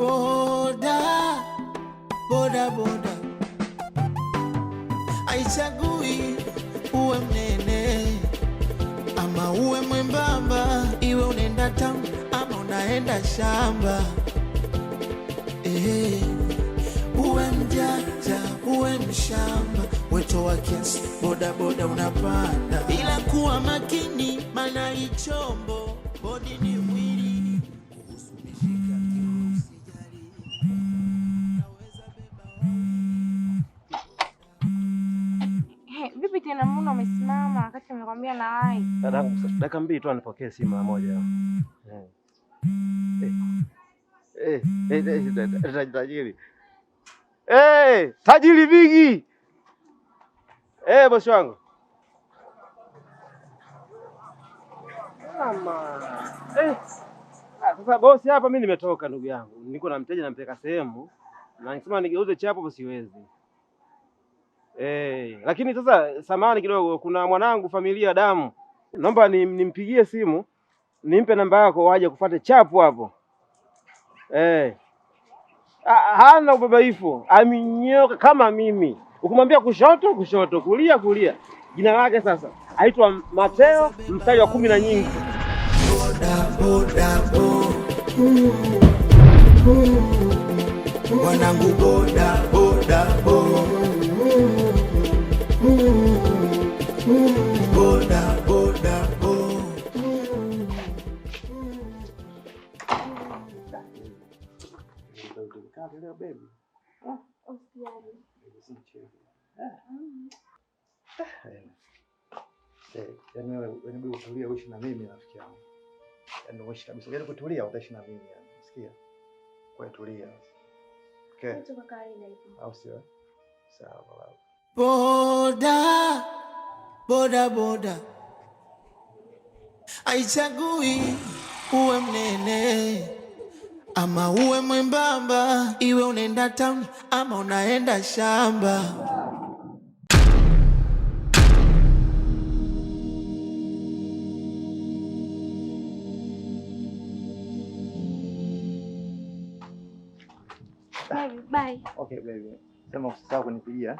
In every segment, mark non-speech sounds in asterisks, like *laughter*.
boda boda boda aichagui uwe mnene ama uwe mwembamba, iwe unaenda tamu ama unaenda shamba eh, uwe mjanja uwe mshamba, weto wa kiasi, boda boda unapanda, ila kuwa makini, maana ichoma Mm. dakika mbili tu anipokee simu mara moja. Eh. Eh. Eh, tajiri. tajiri bigi. bosi wangu. Ah, sasa bosi hapa mi nimetoka ndugu yangu. Niko na mteja nampeleka sehemu na nikisema nigeuze chapo siwezi. Eh, lakini sasa samani kidogo kuna mwanangu familia damu naomba nimpigie simu nimpe namba yako, waje kufate chapu hapo eh. Hana ubabaifu, aminyoka kama mimi. Ukimwambia kushoto kushoto, kulia kulia. Jina lake sasa aitwa Mateo mstari wa kumi na nyingi mwanangu boda boda boda uishi na mimi rafiki yangu. Yaani uishi kabisa. Yaani kutulia utaishi na mimi yani. Sikia? Kwa tulia. Okay. Mtu kwa Au sio? Sawa baba. Boda boda boda aichagui uwe mnene ama uwe mwembamba, iwe unaenda town ama unaenda shamba Okay baby. Sema usisahau kunipigia.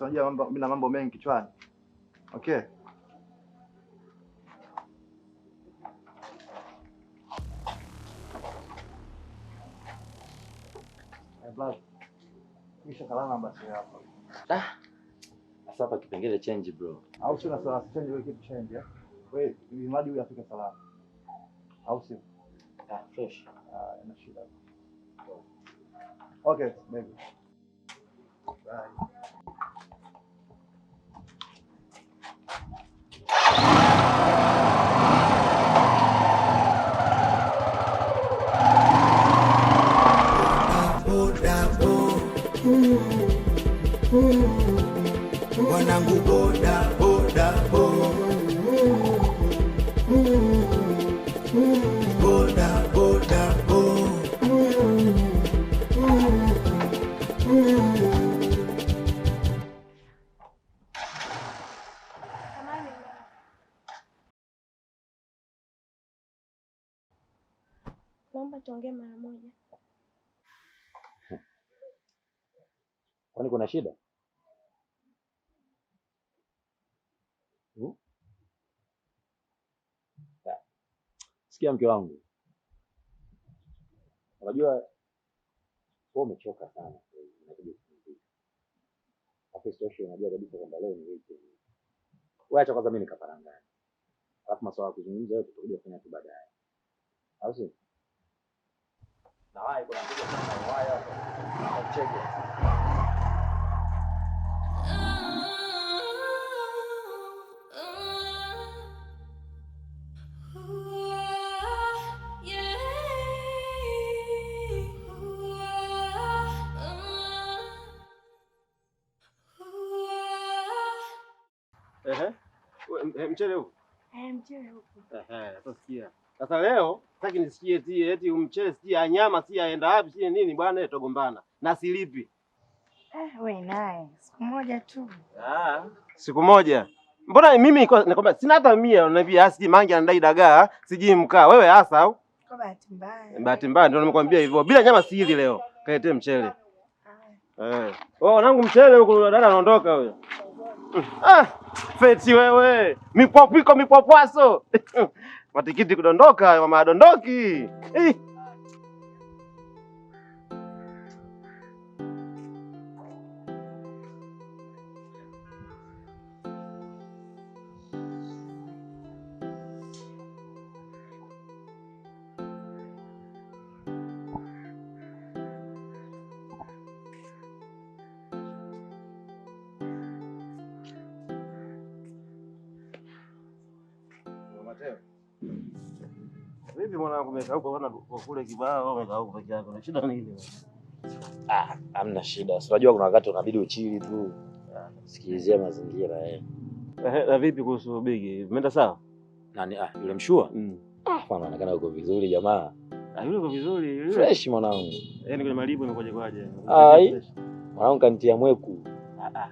Unajua mambo mimi na mambo mengi kichwani. Okay. Eh, ah, sasa hapa kipengele change bro. Au sio na sala change wewe change ya? Wewe ni mradi huyu afike salama. Au sio? Ah, fresh. Ah, ina shida. Okay, maybe. Bye. tuongee mara moja. Kwani kuna shida? Hmm? Sikia mke wangu, unajua wewe umechoka sana, unajua kabisa kwamba leo ni weekend. Wewe acha kwanza mimi nikaparangani, alafu masuala ya kuzungumza yote tutakuja kufanya tu baadaye, au sio? hai của cái Việt Nam này có ai không? Còn chưa kịp. Em chưa đâu. Sasa leo sitaki nisikie ti eti umchee si ya nyama si aenda wapi si nini bwana etogombana na silipi. Eh, we naye siku moja tu. Ah, siku moja. Mbona mimi nakwambia sina hata mia unaniambia asiji ah, mangi anadai dagaa, ah, siji mkaa. Wewe hasa au? Kwa bahati mbaya. Bahati mbaya ndio nimekwambia hivyo. Bila nyama si hili leo. Kaetee mchele. Eh. Oh, nangu mchele huko dada anaondoka huyo. Ah, feti wewe, mipwapwiko mipwapwaso *laughs* matikiti kudondoka, mama adondoki eh. Potea. Vipi mwanangu, umekauka kule kibao, umekauka peke yako. Na shida nini? Ah, hamna shida. Si unajua kuna wakati unabidi uchili tu. Ah, sikilizia mazingira eh. eh. Na vipi kuhusu bigi? Umeenda sawa? Nani ah, yule mshua? Mm. Ah, anaonekana yuko vizuri jamaa. Ah, yule yuko vizuri, Fresh mwanangu. Yaani kwenye malipo imekwaje kwaje? Ah, mwanangu kanitia mweku. Ah ah.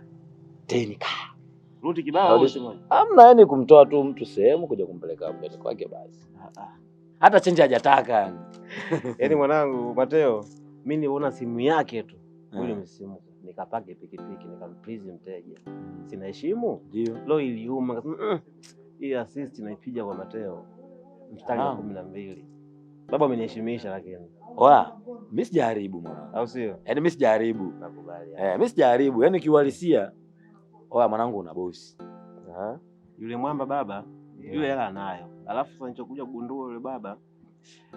Hamna, yani kumtoa tu mtu sehemu kuja kumpeleka mbele kwake basi. Ah, ah. Hata chenji hajataka yani. *laughs* Yaani mwanangu Mateo, mimi niona simu yake tu ah. ule msimu nikapake pikipiki nikamplizi mteja, sina ndio lo, iliuma mm, hii assist naipiga kwa Mateo mstari wa kumi na mbili. Baba ameniheshimisha lakini wa mimi sijaribu mwanangu, au sio? Yani mimi sijaribu, nakubali. Eh, mimi sijaribu yani kiuhalisia oya mwanangu, una bosi Yule mwamba baba yeah. Yule hela anayo, alafu sasa nilichokuja kugundua yule baba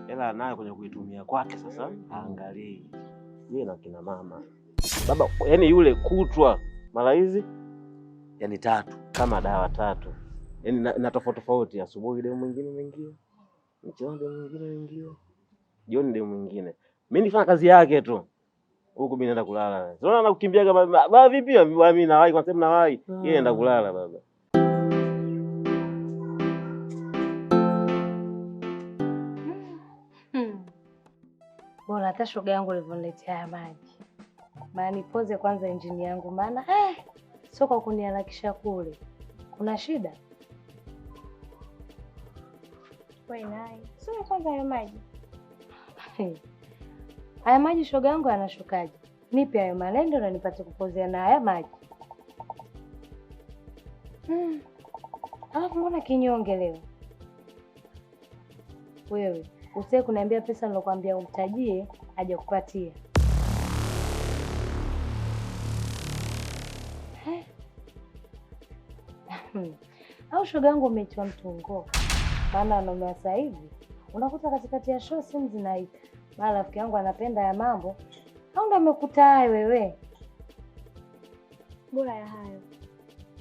hela anayo kwenye kuitumia kwake, sasa haangalii yeye na kina mama baba, yani yule kutwa mara hizi yani tatu kama dawa tatu, yani na tofauti tofauti, asubuhi demu mwingine mwingine, mchana demu mwingine mwingine, jioni demu mwingine. Mimi nifanya kazi yake tu huku mimi naenda kulala. Unaona nakukimbia kama Baba vipi? mimi nawahi kwa sababu nawahi. Yeye anaenda ah. kulala baba. Hmm. Hmm. Bora hata shoga yangu ulivyoniletea haya maji. Maana nipoze kwanza injini yangu maana eh, sio kwa kuniharakisha kule. Kuna shida? Wewe naye. Sio kwanza hayo maji. *laughs* Haya maji shoga yangu yanashukaje? Nipe hayo malendo na nipate kupozea na haya maji. Hmm. Alafu mbona kinyonge leo? Wewe usiye kuniambia pesa nilokuambia umtajie aje kupatia. Hmm. Au shoga yangu umeitiwa mtungo? Maana wanaume sasa hivi unakuta katikati ya show simu zinaita maana rafiki yangu anapenda ya mambo au ndo amekuta hayo wewe? Bora ya hayo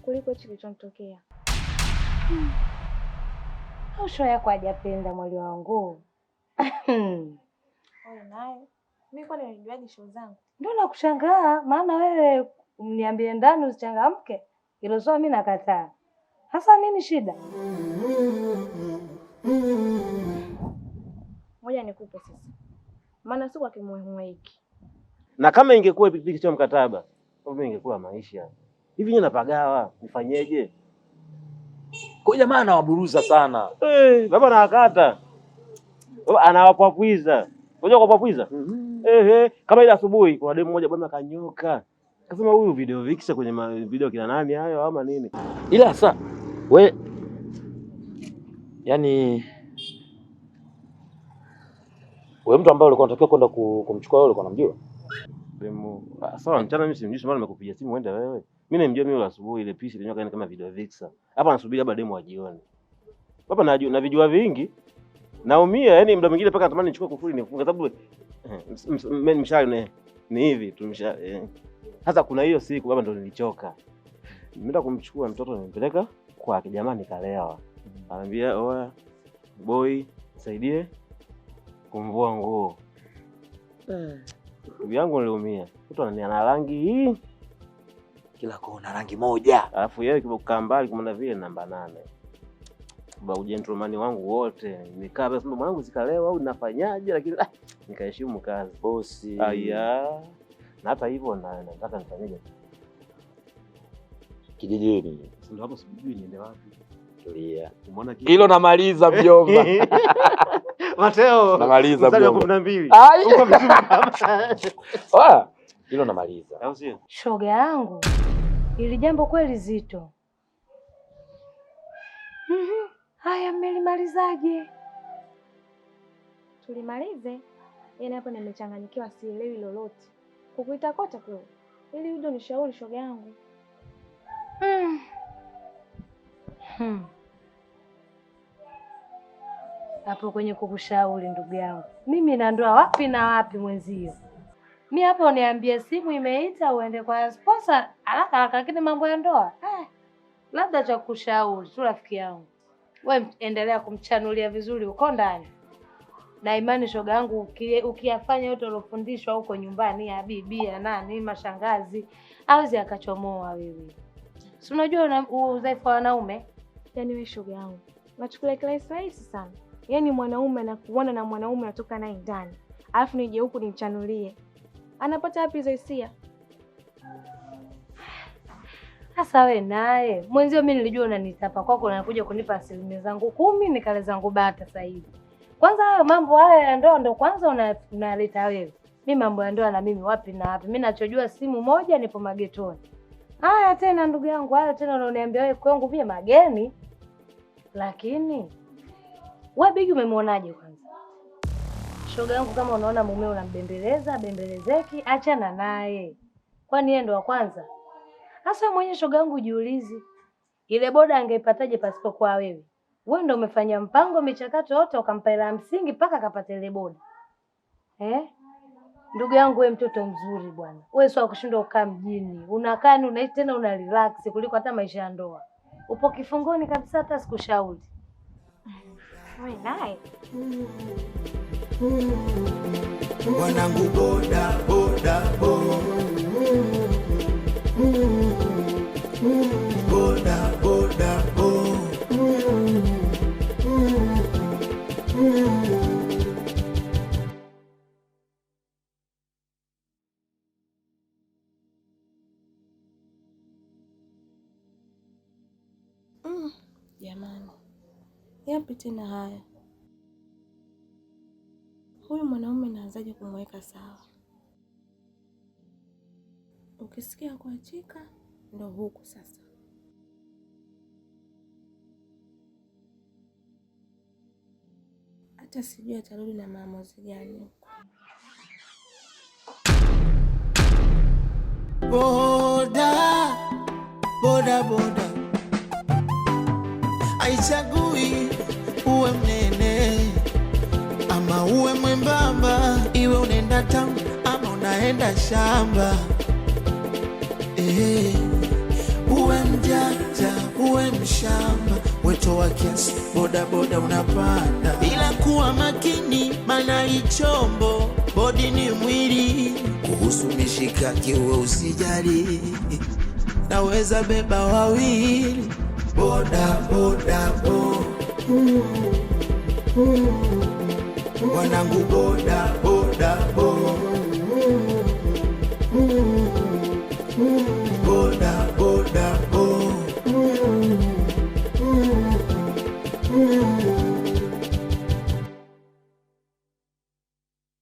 kuliko hichi kilichomtokea. Hmm. Au show yako hajapenda mwali wangu. *clears throat* Wewe naye mimi kwani nijuaje show zangu? Ndio nakushangaa, maana wewe mniambie ndani usichangamke, hilo show mimi nakataa. Hasa nini shida? Moja nikupe sasa maana si kwake muhimu hiki. Na kama ingekuwa pikipiki sio mkataba, mimi ingekuwa maisha hivi. Nyinyi napagawa nifanyeje? Kwa jamaa anawaburuza sana hey, eh, baba anawakata, anawapapwiza. Unajua kupapwiza? mm -hmm. Ehe, eh. kama ile asubuhi kuna demu mmoja bwana kanyoka kasema huyu video vikisa kwenye ma video kina nani hayo ama nini, ila sasa we yani wewe mtu ambaye ulikuwa unatakiwa kwenda kumchukua wewe ulikuwa unamjua? Ah, sawa, mchana mimi simjui, ndio maana nimekupigia simu uende wewe. Mimi nimjua mimi yule asubuhi ile pisi ile nyoka yaani kama video vixer. Hapa nasubiri labda demo ajione. Hapa na na vijua vingi. Naumia, yani mda mwingine paka natamani nichukue kufuli nifunge sababu eh, mimi mshale ni ni hivi tumsha. Sasa eh. kuna hiyo siku baba ndo nilichoka. Nimeenda kumchukua mtoto nimpeleka kwa jamani, kalewa. Anambia, oya boy, saidie kumvua nguo mm. ndugu yangu, niliumia. Mtu na rangi hii kila kona, rangi moja, alafu yeye kibokaa mbali kumana vile namba nane ba gentleman wangu wote nikaa basi, pesa mwanangu zikalewa au nafanyaje, lakini ah, nikaheshimu kazi bosi. Aya, na hata hivyo na nataka nifanyaje kijijini, ndio hapo, sijui niende wapi. Tulia, umeona kilo namaliza vyomba *laughs* Mateo, namaliza mstari kumi na mbili *laughs* hilo namaliza. Shoga yangu, ili jambo kweli zito. Mhm. Haya, mmelimalizaje? Tulimalize yani? Hapo nimechanganyikiwa, sielewi lolote. Kukuita kote kule ili udo nishauri, shoga yangu. mm. hmm. hmm hapo kwenye kukushauri ndugu yangu, mimi na ndoa wapi na wapi mwenzio. Mi hapo niambie, simu imeita uende kwa sponsor haraka haraka, lakini mambo ya ndoa eh, labda cha kukushauri tu rafiki yangu, we endelea kumchanulia vizuri uko ndani na imani shoga yangu, ukiyafanya yote uliofundishwa huko nyumbani ya bibi ya nani mashangazi, awezi akachomoa wewe. Si unajua udhaifu wa wanaume. Yaani wewe shoga yangu, nachukulia kirahisi rahisi sana Yaani mwanaume anakuona na mwanaume anatoka naye ndani, alafu nije huku nimchanulie, anapata wapi hizo hisia? Sasa we naye mwenzio, mi nilijua unanitapa kwako, nakuja kunipa asilimia zangu kumi nikale zangu bata. Sasa hivi kwanza hayo mambo haya ya ndoa ndo kwanza unaleta wewe. Mi mambo ya ndoa na mimi wapi na wapi, mi nachojua simu moja, nipo magetoni. Haya tena ndugu yangu, haya tena unaniambia wewe kwangu vie mageni, lakini wewe Bigi umemwonaje kwanza? Shoga yangu kama unaona mumeo unambembeleza, bembelezeki, achana naye. Kwani yeye ndo wa kwanza? Hasa mwenye shoga yangu jiulizi. Ile boda angeipataje pasipo kwa wewe? Wewe ndo umefanya mpango michakato yote ukampa hela msingi mpaka akapata ile boda. Eh? Ndugu yangu wewe mtoto mzuri bwana. Wewe sio kushindwa ukaa mjini. Unakaa ni unaishi tena una relax kuliko hata maisha ya ndoa. Upo kifungoni kabisa hata sikushauri. Very nice. tena haya? Huyu mwanaume naanzaje kumweka sawa? Ukisikia kuachika, ndo huku sasa. Hata sijui atarudi na maamuzi gani huko. Boda boda boda aichagui uwe mnene ama uwe mwembamba, iwe unaenda tamu ama unaenda shamba uwe mjanja uwe mshamba, weto wa kiasi, bodaboda unapanda bila kuwa makini, mana ichombo bodi ni mwili. Kuhusu mishikaki uwe usijali, naweza beba wawili boda boda boda mwanangu boda boda boda boda boda